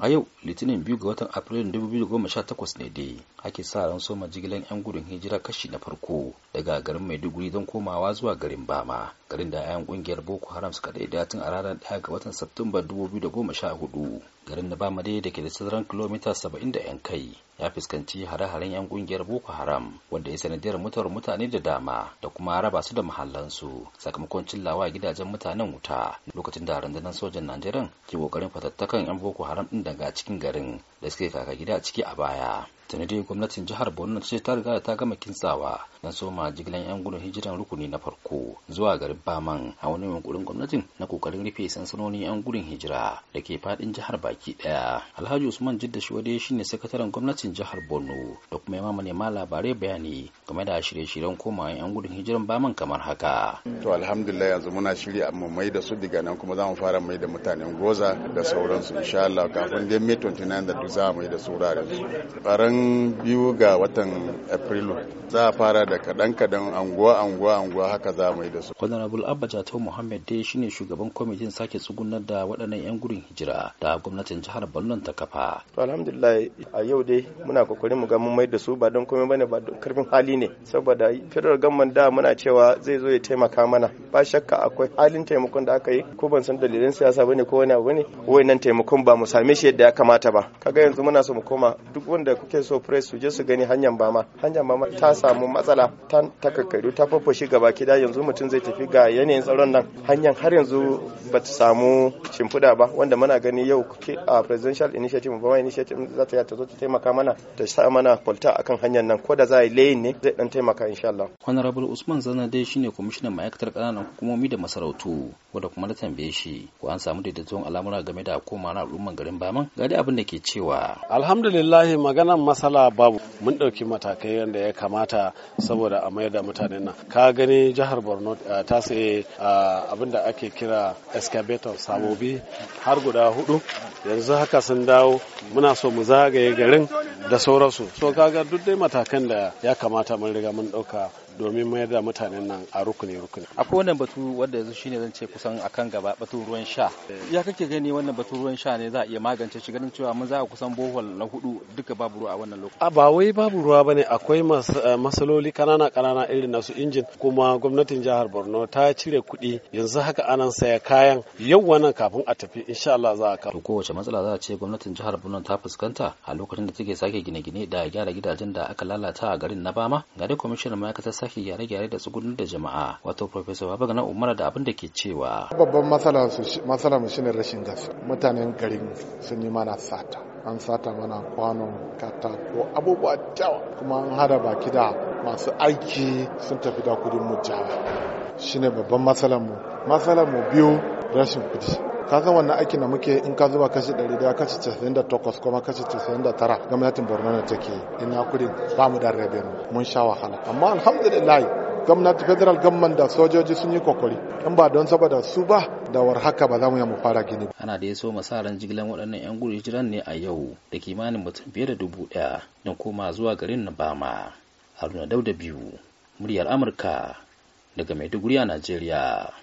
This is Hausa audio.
a yau litinin biyu ga watan sha takwas ne dai ake sa ran soma jigilan 'yan gudun hijira kashi na farko daga garin maiduguri don komawa zuwa garin bama garin da 'yan kungiyar boko haram suka daidaitun tun a ranar 1 ga watan satumba hudu. garin na bamade da ke da sauran kilomita saba'in da 'yan kai ya fuskanci hare-haren 'yan kungiyar boko haram wanda ya sanadiyar mutuwar mutane da dama da kuma raba su da mahallansu sakamakon cillawa gidajen mutanen wuta lokacin da rundunar sojan najeriya ke kokarin fatattakan 'yan boko haram din daga cikin garin da suke kaka gida ciki a baya sanadiyar gwamnatin jihar borno ce ta riga ta gama kintsawa na soma jigilan 'yan gudun hijiran rukuni na farko zuwa garin baman a wani yunkurin gwamnatin na kokarin rufe sansanonin 'yan gudun hijira da ke fadin jihar baki baki daya alhaji usman jidda shiwade shine sakataren gwamnatin jihar borno da kuma ya manema labarai bayani game da shirye-shiryen koma yan gudun hijiran baman kamar haka to alhamdulillah yanzu muna shirya amma mai da su diga nan kuma za mu fara mai da mutanen goza da sauransu insha Allah kafin dai may 29 da duk za mu yi da su wuraren su biyu ga watan april za a fara da kadan kadan anguwa anguwa anguwa haka za mu yi da su honorable abba jatau muhammad dai shine shugaban kwamitin sake tsugunar da waɗannan yan gudun hijira da gwamnati gwamnatin jihar Borno ta kafa. To alhamdulillah a yau dai muna kokarin mu ga mun maida su ba don komai bane ba don karfin hali ne saboda federal government da muna cewa zai zo ya taimaka mana ba shakka akwai halin taimakon da aka yi ko ban san dalilin siyasa bane ko wani abu bane wayannan taimakon ba mu same shi yadda ya kamata ba kaga yanzu muna so mu koma duk wanda kuke so press su je su gani hanyar ma hanyar ma ta samu matsala ta takakkaru ta fafashi gaba da yanzu mutum zai tafi ga yanayin tsaron nan hanyar har yanzu ba ta samu shimfiɗa ba wanda muna gani yau a presidential initiative mu ba initiative za ta ta zo ta taimaka mana ta sa mana kwalta akan hanyar nan ko da za a yi layin ne zai dan taimaka insha Allah honorable Usman Zana dai shine kwamishinan ma'aikatar kananan hukumomi da masarautu wanda kuma na tambaye shi ko an samu daidaiton al'amura game da koma na al'umman garin Baman ga dai abin da ke cewa alhamdulillah maganan masala babu mun ɗauki matakai yanda ya kamata saboda a mayar da mutanen nan ka gani jihar borno ta saye abin da ake kira excavator sabobi har guda hudu yanzu haka sun dawo muna so mu zagaye garin da sauransu so kaga duk dai matakan da ya kamata mun riga mun ɗauka domin mayar da mutanen nan a rukuni rukuni akwai wannan batu wanda yanzu shine zan ce kusan akan gaba batun ruwan sha ya kake gani wannan batun ruwan sha ne za a iya magance shi ganin cewa mun za a kusan bohol na hudu duka babu ruwa a wannan lokaci ba wai babu ruwa bane akwai eh, masaloli kanana kanana irin nasu injin kuma gwamnatin jihar Borno ta cire kuɗi yanzu haka anan saya kayan yau wannan kafin a tafi insha Allah za a ka to kowace matsala za a ce gwamnatin jihar Borno ta fuskanta a lokacin da take sake gine-gine da gyara gidajen da aka lalata a garin na Bama ga dai kwamishinan ma'aikatar rigakafi yare yare da tsugunin da jama'a wato professor babagana umara da abin da ke cewa babban matsala mu shine rashin gas mutanen garin sun yi mana sata an sata mana kwanon katako abubuwa dawa kuma an hada baki da masu aiki sun tafi da kudin mu jawa shine babban matsalar mu matsalar mu biyu rashin kudi kaga wannan aikin na muke in ka zuba kashi 100 kashi 98 kuma kashi 99 gwamnatin borno na take ina kudin ba mu da rabe mu mun sha wahala amma alhamdulillah gwamnati federal government da sojoji sun yi kokori in ba don saboda su ba da war haka ba za mu mu fara gini ana da ya so masaran jigilan waɗannan yan gudu hijiran ne a yau da kimanin mutum fiye da dubu ɗaya don koma zuwa garin na bama haruna dauda biyu muryar amurka daga maiduguri a najeriya